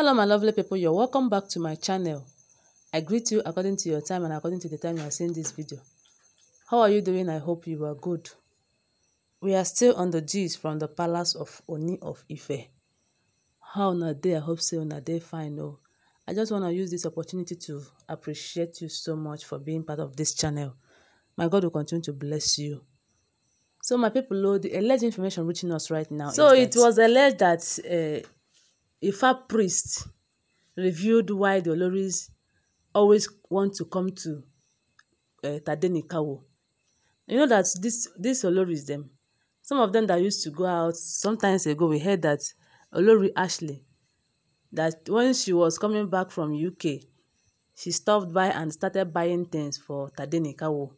hello my lovely people you're welcome back to my channel i greet you according to your time and according to the time you are seeing this video how are you doing i hope you are good we are still on the g's from the palace of oni of ife how na day i hope so na day fine oh i just want to use this opportunity to appreciate you so much for being part of this channel my god will continue to bless you so my people oh the alleged information reaching us right now so it was alleged that uh, Ifa priest revealed why the Oloris always want to come to uh, Tadenikawo. You know that this this Oloris them, some of them that used to go out sometimes ago, we heard that Olori Ashley, that when she was coming back from UK, she stopped by and started buying things for Tadenikawo.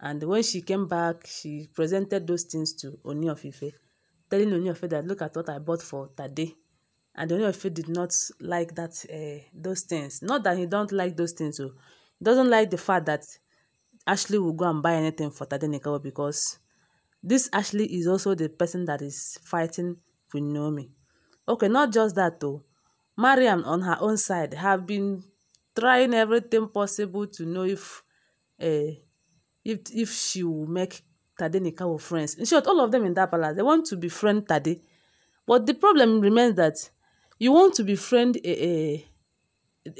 And when she came back, she presented those things to Oni of telling Oni of that look at what I bought for Tade and the owner of field did not like that uh, those things. Not that he don't like those things, though. He doesn't like the fact that Ashley will go and buy anything for Tadenikawa because this Ashley is also the person that is fighting with Naomi. Okay, not just that though. Mariam on her own side have been trying everything possible to know if uh, if if she will make Tade Nikawo friends. In short, all of them in that palace, they want to befriend Tade. But the problem remains that You want to befriend a, a,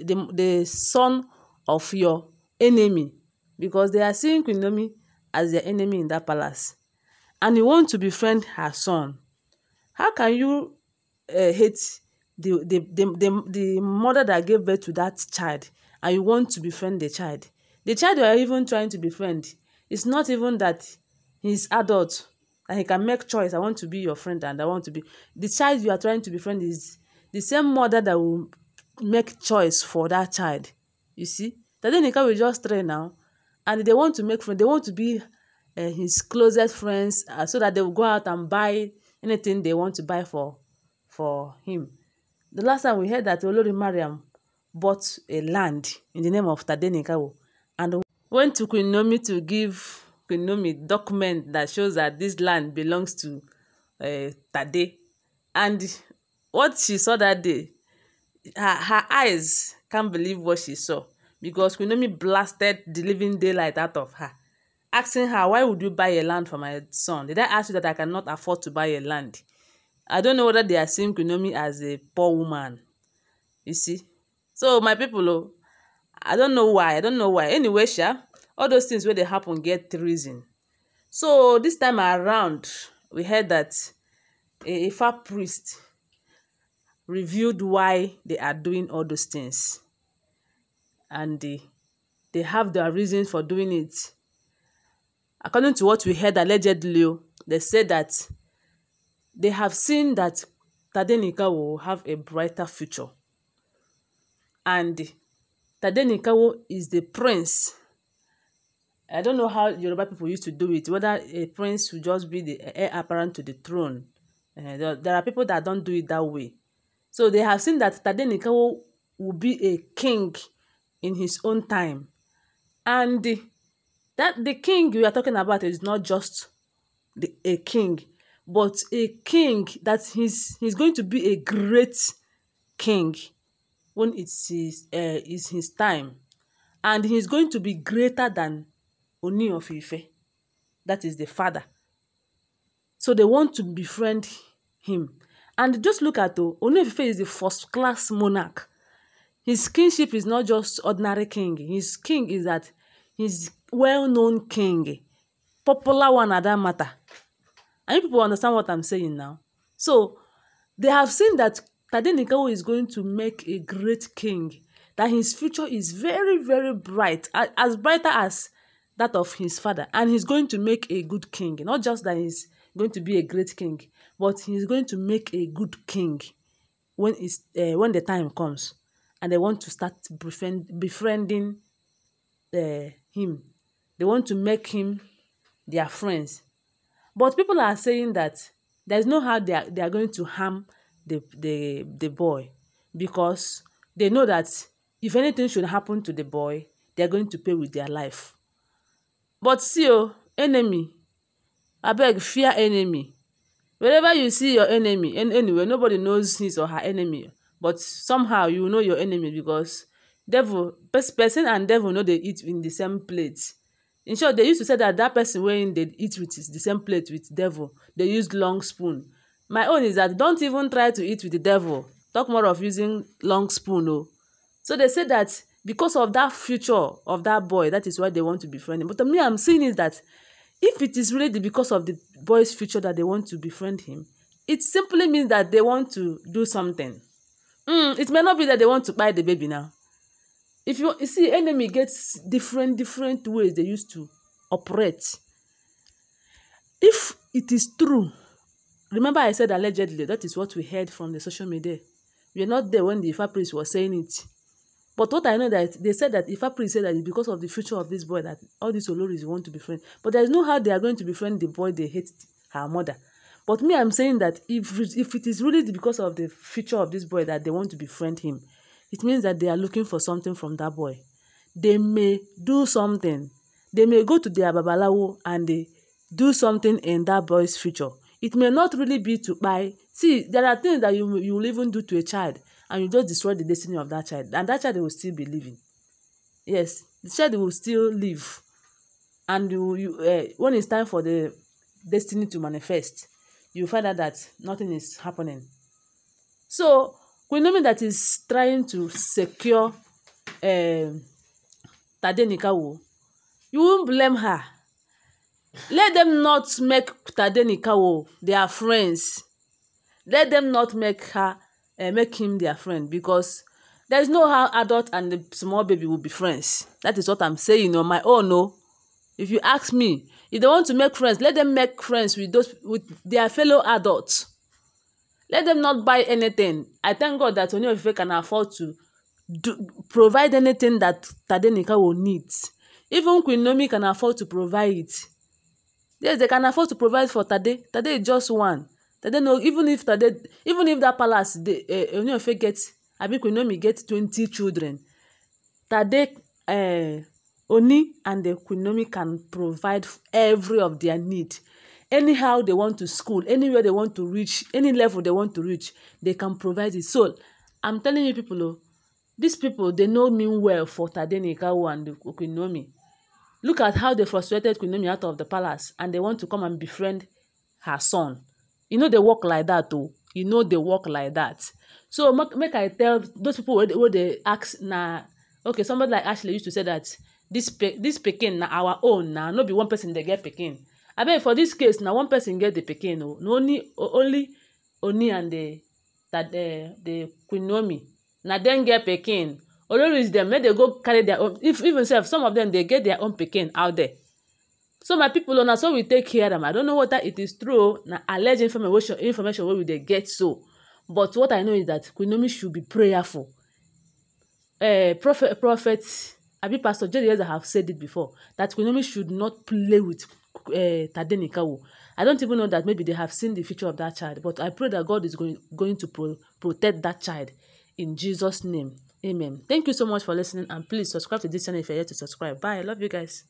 the, the son of your enemy because they are seeing Queen Naomi as their enemy in that palace. And you want to befriend her son. How can you uh, hate the, the, the, the, the mother that gave birth to that child and you want to befriend the child? The child you are even trying to befriend, it's not even that he's adult and he can make choice. I want to be your friend and I want to be... The child you are trying to befriend is the same mother that will make choice for that child. You see, Tadenika will just train now, and they want to make friends. They want to be uh, his closest friends uh, so that they will go out and buy anything they want to buy for for him. The last time we heard that Olori Mariam bought a land in the name of Tadenikawo and went to Queen Nomi to give Queen Nomi document that shows that this land belongs to uh, Tade. And what she saw that day her her eyes can't believe what she saw because Kunomi blasted the living daylight out of her asking her why would you buy a land for my son did I ask you that I cannot afford to buy a land I don't know whether they are seeing Kunomi as a poor woman you see so my people oh I don't know why I don't know why anyway sha all those things wey dey happen get reason so this time around we heard that a Ifa priest revealed why they are doing all those things. And they, they have their reasons for doing it. According to what we heard allegedly, oh, they said that they have seen that Tadenika will have a brighter future. And Tadenikawo is the prince. I don't know how Yoruba people used to do it, whether a prince would just be the heir apparent to the throne. Uh, there, there are people that don't do it that way. So they have seen that Tadenikawo will be a king in his own time. And the, that the king we are talking about is not just the, a king, but a king that he's, he's going to be a great king when it's his, uh, it's his time. And he's going to be greater than Oni of Ife. That is the father. So they want to befriend him. And just look at though, Onyefife is a first class monarch. His kingship is not just ordinary king. His king is that he's well-known king, popular one at that matter. I people understand what I'm saying now. So they have seen that Tadenikawo is going to make a great king, that his future is very, very bright, as brighter as that of his father, and he's going to make a good king, not just that he's going to be a great king, but he's going to make a good king when it's, uh, when the time comes and they want to start befriend, befriending uh, him. They want to make him their friends. But people are saying that there's no how they are, they are going to harm the, the, the boy because they know that if anything should happen to the boy, they're going to pay with their life. But see, oh, enemy abeg fear enemy wherever you see your enemy anywhere nobody knows his or her enemy but somehow you know your enemy because devil person and devil no dey eat in the same plate in short they used to say that that person wey dey eat with the same plate with devil dey use long spoon my own is that don't even try to eat with the devil talk more of using long spoon o oh. so they say that because of that future of that boy that is why they want to befriend him but me i'm seeing is that If it is really because of the boy's future that they want to befriend him, it simply means that they want to do something. Mm, it may not be that they want to buy the baby now. If you, you see, enemy gets different different ways they used to operate. If it is true, remember I said allegedly, that is what we heard from the social media. We are not there when the Ifa priest was saying it. But what I know that they said that if priest said that it's because of the future of this boy that all these Oloris want to be friends. But there's no how they are going to befriend the boy they hate her mother. But me, I'm saying that if if it is really because of the future of this boy that they want to befriend him, it means that they are looking for something from that boy. They may do something. They may go to their babalawo and they do something in that boy's future. It may not really be to buy. See, there are things that you you will even do to a child and you just destroy the destiny of that child and that child will still be living yes the child will still live and you, you uh, when it's time for the destiny to manifest you find out that nothing is happening so Queen Naomi that is trying to secure uh, you won't blame her let them not make Tadenikawo their friends let them not make her uh, make him their friend because there is no how adult and the small baby will be friends that is what i'm saying on my own o if you ask me if they want to make friends let them make friends with those with their fellow adults let them not buy anything i thank god that only oniofife can afford to do, provide anything that tadenika will need even queen nomi can afford to provide it yes they can afford to provide for tade tade is just one dem dey know even if na dey even if that palace dey eh, Ooni get abi Queen get twenty children Tade eh, Oni and the Queen can provide every of their need anyhow they want to school anywhere they want to reach any level they want to reach they can provide it so i'm telling you people oh these people they know mean well for Tade Nikawo and Queen Naomi look at how they frustrated Queen out of the palace and they want to come and befriend her son e no dey work like that, o e no dey work like that. so make i tell those people wey dey ask na okay somebody like ashley used to say that dat this pikin na our own na no be one person dey get pikin abeg for this case na one person get the pikin oh. o na only only oni and the queen na dem get pikin oloris dem make dey go carry their own if even sef some of dem dey get their own pikin out there so my people, una so we take care am i don't know whether it is true na alleged information information wey we dey get so but what i know is that queen should be prayerful uh, prophet prophet abi pastor jerry yes i have said it before that queen should not play with uh, eh, tadenikawo i don't even know that maybe they have seen the future of that child but i pray that god is going, going to pro protect that child in jesus name amen thank you so much for listening and please subscribe to this channel if you're yet to subscribe bye i love you guys